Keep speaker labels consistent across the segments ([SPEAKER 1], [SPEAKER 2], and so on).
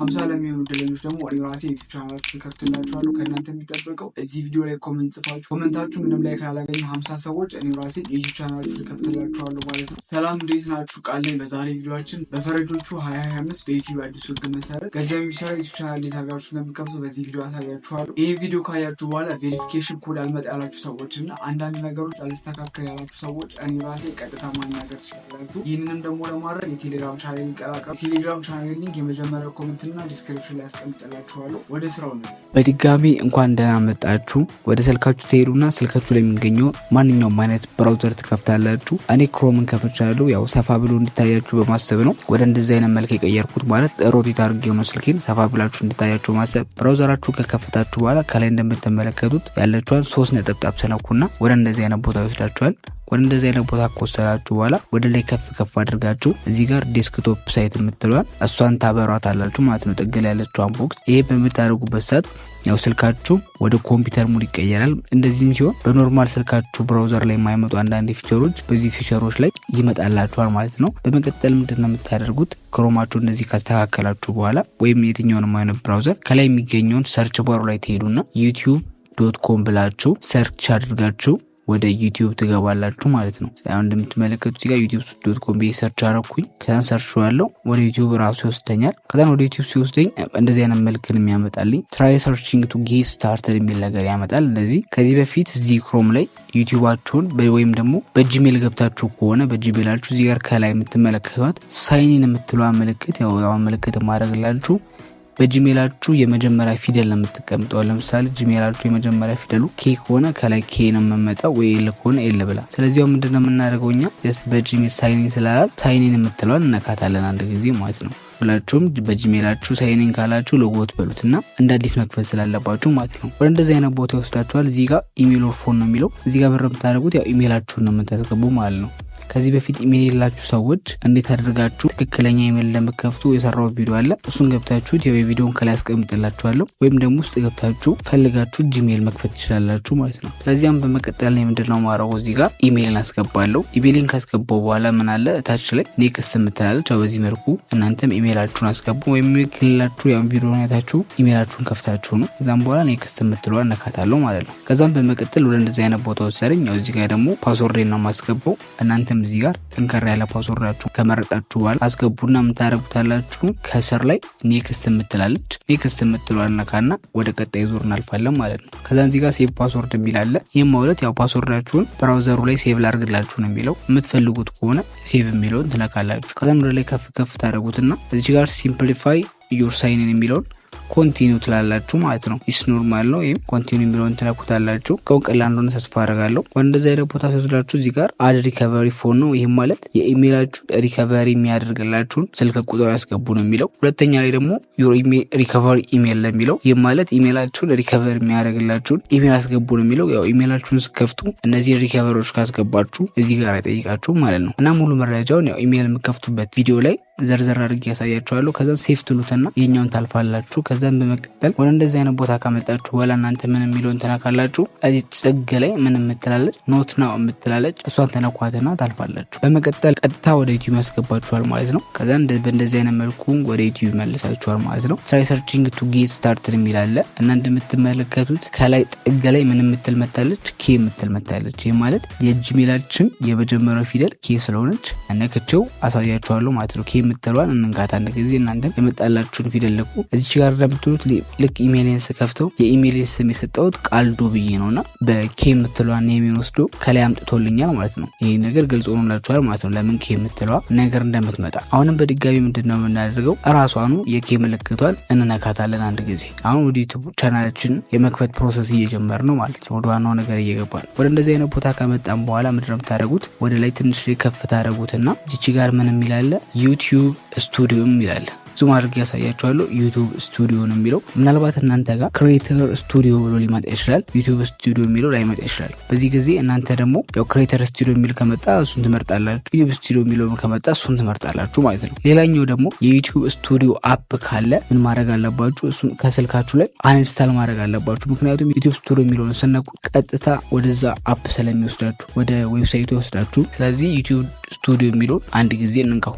[SPEAKER 1] ሀምሳ ለሚሆኑ እድለኞች ደግሞ ወደ ራሴ ዩቲብ ቻናላችን ከፍትላችኋለሁ። ከእናንተ የሚጠበቀው እዚህ ቪዲዮ ላይ ኮመንት ጽፋችሁ ኮመንታችሁ ምንም ላይ ካላገኘ ሀምሳ ሰዎች እኔ ራሴ ዩቲብ ቻናላችሁ ልከፍትላችኋለሁ ማለት ነው። ሰላም እንዴት ናችሁ? ቃለኝ በዛሬ ቪዲዮችን በፈረጆቹ ሀያ ሀያ አምስት በዩቲብ አዲሱ ህግ መሰረት ገንዘብ የሚሰራ ዩቲብ ቻናል እንዴት አድርጋችሁ እንደምከፍቱ በዚህ ቪዲዮ አሳያችኋለሁ። ይህ ቪዲዮ ካያችሁ በኋላ ቬሪፊኬሽን ኮድ አልመጣ ያላችሁ ሰዎች እና አንዳንድ ነገሮች አልስተካከል ያላችሁ ሰዎች እኔ ራሴ ቀጥታ ማናገር ትችላላችሁ። ይህንንም ደግሞ ለማድረግ የቴሌግራም ቻናል ይቀላቀሉ። ቴሌግራም ቻናል ሊንክ የመጀመሪያ ኮመንት እና ዲስክሪፕሽን ላይ ያስቀምጥላችኋለሁ። ወደ ስራው ነው። በድጋሚ እንኳን ደህና መጣችሁ። ወደ ስልካችሁ ትሄዱና ስልካችሁ ላይ የሚገኘው ማንኛውም አይነት ብራውዘር ትከፍታላችሁ። እኔ ክሮምን ከፍቻለሁ፣ ያው ሰፋ ብሎ እንዲታያችሁ በማሰብ ነው ወደ እንደዚህ አይነት መልክ የቀየርኩት። ማለት ሮቴት አድርጌ የሆነ ስልኬን ሰፋ ብላችሁ እንዲታያችሁ በማሰብ ብራውዘራችሁ ከከፍታችሁ በኋላ ከላይ እንደምትመለከቱት ያለችዋን ሶስት ነጠብጣብ ተነኩና ወደ እንደዚህ አይነት ቦታ ይወስዳችኋል። ወደ እንደዚህ አይነት ቦታ ከወሰዳችሁ በኋላ ወደ ላይ ከፍ ከፍ አድርጋችሁ እዚህ ጋር ዴስክቶፕ ሳይት የምትለዋል እሷን ታበሯት አላችሁ ማለት ነው። ጥግል ያለችዋን ቦክስ ይሄ በምታደርጉበት ሰዓት ያው ስልካችሁ ወደ ኮምፒውተር ሙድ ይቀየራል። እንደዚህም ሲሆን በኖርማል ስልካችሁ ብራውዘር ላይ የማይመጡ አንዳንድ ፊቸሮች በዚህ ፊቸሮች ላይ ይመጣላችኋል ማለት ነው። በመቀጠል ምንድን ነው የምታደርጉት? ክሮማችሁ እንደዚህ ካስተካከላችሁ በኋላ ወይም የትኛውን አይነት ብራውዘር ከላይ የሚገኘውን ሰርች ባሩ ላይ ትሄዱና ዩቲዩብ ዶት ኮም ብላችሁ ሰርች አድርጋችሁ ወደ ዩቲዩብ ትገባላችሁ ማለት ነው። አሁን እንደምትመለከቱ ጋ ዩቲብ ዶት ኮም ብዬ ሰርች አረኩኝ። ከዛን ሰርች ያለው ወደ ዩቲብ ራሱ ይወስደኛል። ከዛን ወደ ዩቲብ ሲወስደኝ እንደዚህ አይነት መልክን የሚያመጣልኝ ትራይ ሰርችንግ ቱ ጌት ስታርተድ የሚል ነገር ያመጣል። እንደዚህ ከዚህ በፊት እዚህ ክሮም ላይ ዩቲዩባችሁን ወይም ደግሞ በጂሜል ገብታችሁ ከሆነ በጂሜላችሁ እዚህ ጋር ከላይ የምትመለከቷት ሳይኒን የምትለ ምልክት ያው ምልክት ማድረግላችሁ በጂሜላችሁ የመጀመሪያ ፊደል ነው ለምሳሌ ጂሜላችሁ የመጀመሪያ ፊደሉ ኬ ከሆነ ከላይ ኬ ነው የምመጣው፣ ወይ ኤል ከሆነ ኤል ብላ። ስለዚ ምንድነው የምናደርገው እኛ ስ በጂሜል ሳይኒን ስላላል ሳይኒን የምትለዋል እነካታለን አንድ ጊዜ ማለት ነው። ሁላችሁም በጂሜላችሁ ሳይኒን ካላችሁ ሎጎት በሉትና እንደ አዲስ መክፈል ስላለባችሁ ማለት ነው። ወደ እንደዚህ አይነት ቦታ ይወስዳችኋል። እዚህ ጋር ኢሜል ኦር ነው የሚለው። እዚህ ጋር ብር የምታደርጉት ያው ኢሜላችሁን ነው የምታስገቡ ማለት ነው። ከዚህ በፊት ኢሜል የላችሁ ሰዎች እንዴት አድርጋችሁ ትክክለኛ ኢሜል ለመከፍቱ የሰራው ቪዲዮ አለ። እሱን ገብታችሁት የወይ ቪዲዮን ከላይ አስቀምጥላችኋለሁ ወይም ደግሞ ውስጥ ገብታችሁ ፈልጋችሁ ጂሜል መክፈት ትችላላችሁ ማለት ነው። ስለዚያም በመቀጠል ነው የምንድነው ማረው እዚህ ጋር ኢሜይልን አስገባለሁ። ኢሜይልን ካስገባው በኋላ ምን አለ እታች ላይ ኔክስት የምትላለች። በዚህ መልኩ እናንተም ኢሜይላችሁን አስገቡ ወይም ክልላችሁ ያን ቪዲዮ ሁኔታችሁ ኢሜይላችሁን ከፍታችሁ ነው። ከዛም በኋላ ኔክስት የምትለዋ እነካታለሁ ማለት ነው። ከዛም በመቀጠል ወደ እንደዚህ አይነት ቦታ ወሰደኝ። ያው እዚህ ጋር ደግሞ ፓስወርዴን ነው የማስገባው እናንተ ልክም እዚህ ጋር ጠንከር ያለ ፓስወርዳችሁ ከመረጣችሁ በኋላ አስገቡና የምታደርጉታላችሁ ከስር ላይ ኔክስት የምትላለች ኔክስት የምትሏል ነካና ወደ ቀጣይ ዞር እናልፋለን ማለት ነው። ከዛ እዚህ ጋር ሴቭ ፓስወርድ የሚላለ ይህም ማለት ያው ፓስወርዳችሁን ብራውዘሩ ላይ ሴቭ ላርግላችሁ ነው የሚለው። የምትፈልጉት ከሆነ ሴቭ የሚለውን ትነካላችሁ። ከዛም ወደ ላይ ከፍ ከፍ ታደረጉትና እዚህ ጋር ሲምፕሊፋይ ዩር ሳይንን የሚለውን ኮንቲኒው ትላላችሁ ማለት ነው። ኢስ ኖርማል ነው። ይህም ኮንቲኒው የሚለውን ትነኩታላችሁ። ቀው እንደሆነ ተስፋ አደርጋለሁ። ወደዚ አይነት ቦታ ሲወስዳችሁ እዚህ ጋር አድ ሪከቨሪ ፎን ነው። ይህም ማለት የኢሜይላችሁ ሪከቨሪ የሚያደርግላችሁን ስልክ ቁጥር ያስገቡ ነው የሚለው። ሁለተኛ ላይ ደግሞ ዩር ሪከቨሪ ኢሜይል የሚለው። ይህም ማለት ኢሜይላችሁን ሪከቨሪ የሚያደርግላችሁን ኢሜይል አስገቡ ነው የሚለው። ያው ኢሜይላችሁን ስከፍቱ እነዚህ ሪከቨሪዎች ካስገባችሁ እዚህ ጋር አይጠይቃችሁም ማለት ነው እና ሙሉ መረጃውን ያው ኢሜይል የምከፍቱበት ቪዲዮ ላይ ዘርዘር አድርጌ ያሳያችኋለሁ። ከዛም ሴፍ ትሉትና የኛውን ታልፋላችሁ። ከዛም በመቀጠል ወደ እንደዚህ አይነት ቦታ ካመጣችሁ በኋላ እናንተ ምን የሚለውን እንትና ካላችሁ እዚህ ጥግ ላይ ምን የምትላለች ኖት ናው የምትላለች እሷን ተነኳትና ታልፋላችሁ። በመቀጠል ቀጥታ ወደ ዩቲዩብ ያስገባችኋል ማለት ነው። ከዛ በእንደዚህ አይነት መልኩ ወደ ዩቲዩብ ይመልሳችኋል ማለት ነው። ትራይ ሰርችንግ ቱ ጌት ስታርትን የሚላለ እና እንደምትመለከቱት ከላይ ጥግ ላይ ምን የምትል መታለች ኬ የምትል መታለች። ይህ ማለት የጂሜላችን የመጀመሪያው ፊደል ኬ ስለሆነች እነክቸው አሳያችኋለሁ ማለት ነው። የምትሏን እንንካት አንድ ጊዜ። እናንተ የመጣላችሁን ፊደል ለቁ። እዚች ጋር እንደምትሉት ልክ ኢሜይልን ስከፍተው የኢሜይልን ስም የሰጠውት ቃልዶ ብዬ ነውና በኬ የምትሏን ኔሜን ወስዶ ከላይ አምጥቶልኛል ማለት ነው። ይህ ነገር ግልጽ ሆኖላችኋል ማለት ነው። ለምን ኬ የምትሏ ነገር እንደምትመጣ አሁንም በድጋሚ ምንድን ነው የምናደርገው? እራሷኑ የኬ ምልክቷን እንነካታለን አንድ ጊዜ። አሁን ወደ ዩቱብ ቻናላችን የመክፈት ፕሮሰስ እየጀመር ነው ማለት ነው። ወደ ዋናው ነገር እየገባል። ወደ እንደዚህ አይነት ቦታ ከመጣም በኋላ ምንድነው የምታደርጉት? ወደ ላይ ትንሽ ከፍ ታደርጉትና ዚቺ ጋር ምን የሚላለ ዩቲ ዩቲዩብ ስቱዲዮም ይላል ዙም አድርግ ያሳያቸዋለሁ ዩቱብ ስቱዲዮ ነው የሚለው ምናልባት እናንተ ጋር ክሬተር ስቱዲዮ ብሎ ሊመጣ ይችላል። ዩቱብ ስቱዲዮ የሚለው ላይመጣ ይችላል። በዚህ ጊዜ እናንተ ደግሞ ያው ክሬተር ስቱዲዮ የሚል ከመጣ እሱን ትመርጣላችሁ። ዩቱብ ስቱዲዮ የሚለው ከመጣ እሱን ትመርጣላችሁ ማለት ነው። ሌላኛው ደግሞ የዩቱብ ስቱዲዮ አፕ ካለ ምን ማድረግ አለባችሁ? እሱን ከስልካችሁ ላይ አንስታል ማድረግ አለባችሁ። ምክንያቱም ዩቱብ ስቱዲዮ የሚለውን ስነቁ ቀጥታ ወደዛ አፕ ስለሚወስዳችሁ ወደ ዌብሳይቱ ይወስዳችሁ። ስለዚህ ዩቱብ ስቱዲዮ የሚለውን አንድ ጊዜ እንንቀው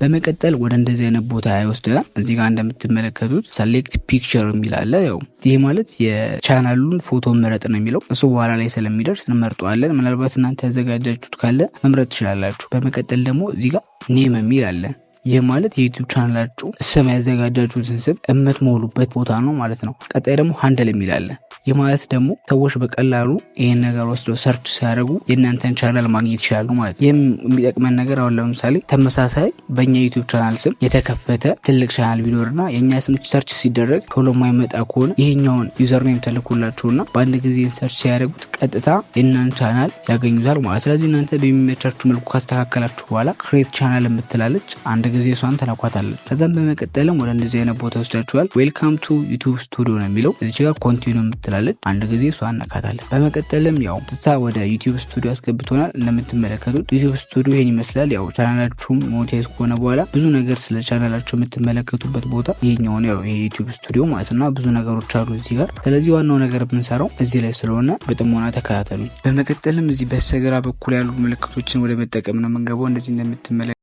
[SPEAKER 1] በመቀጠል ወደ እንደዚህ አይነት ቦታ ያወስደናል። እዚህ ጋር እንደምትመለከቱት ሰሌክት ፒክቸር የሚላለ ው ይህ ማለት የቻናሉን ፎቶ ምረጥ ነው የሚለው እሱ በኋላ ላይ ስለሚደርስ እንመርጠዋለን። ምናልባት እናንተ ያዘጋጃችሁት ካለ መምረጥ ትችላላችሁ። በመቀጠል ደግሞ እዚህ ጋር ኔም የሚል አለ። ይህ ማለት የዩቱብ ቻናላችሁ ስም ያዘጋጃችሁትን ስም እምትሞሉበት ቦታ ነው ማለት ነው። ቀጣይ ደግሞ ሀንደል የሚላለ ይህ ማለት ደግሞ ሰዎች በቀላሉ ይህን ነገር ወስደው ሰርች ሲያደርጉ የእናንተን ቻናል ማግኘት ይችላሉ ማለት ነው። ይህም የሚጠቅመን ነገር አሁን ለምሳሌ ተመሳሳይ በእኛ ዩቱብ ቻናል ስም የተከፈተ ትልቅ ቻናል ቢኖርና የእኛ ስም ሰርች ሲደረግ ቶሎ የማይመጣ ከሆነ ይህኛውን ዩዘርኔም ተልኮላቸውና በአንድ ጊዜ ሰርች ሲያደርጉት ቀጥታ የእናን ቻናል ያገኙታል ማለት ስለዚህ እናንተ በሚመቻችሁ መልኩ ካስተካከላችሁ በኋላ ክሬት ቻናል የምትላለች አንድ ጊዜ እሷን ተላኳታለች። ከዛም በመቀጠልም ወደ እንደዚህ አይነት ቦታ ወስዳችኋል ዌልካም ቱ ዩቱብ ስቱዲዮ ነው የሚለው እዚህ ጋር ኮንቲኒ የምትላል ስላለች አንድ ጊዜ እሷ እናካታለን በመቀጠልም ያው ትታ ወደ ዩቲብ ስቱዲዮ አስገብቶናል። እንደምትመለከቱት ዩቲብ ስቱዲዮ ይህን ይመስላል። ያው ቻናላችሁም ሞኔታይዝ ከሆነ በኋላ ብዙ ነገር ስለ ቻናላቸው የምትመለከቱበት ቦታ ይሄኛው ነው። ያው የዩቲዩብ ስቱዲዮ ማለት ነው። ብዙ ነገሮች አሉ እዚህ ጋር። ስለዚህ ዋናው ነገር የምንሰራው እዚህ ላይ ስለሆነ በጥሞና ተከታተሉኝ። በመቀጠልም እዚህ በስተግራ በኩል ያሉ ምልክቶችን ወደ መጠቀም ነው መንገበው እንደዚህ እንደምትመለ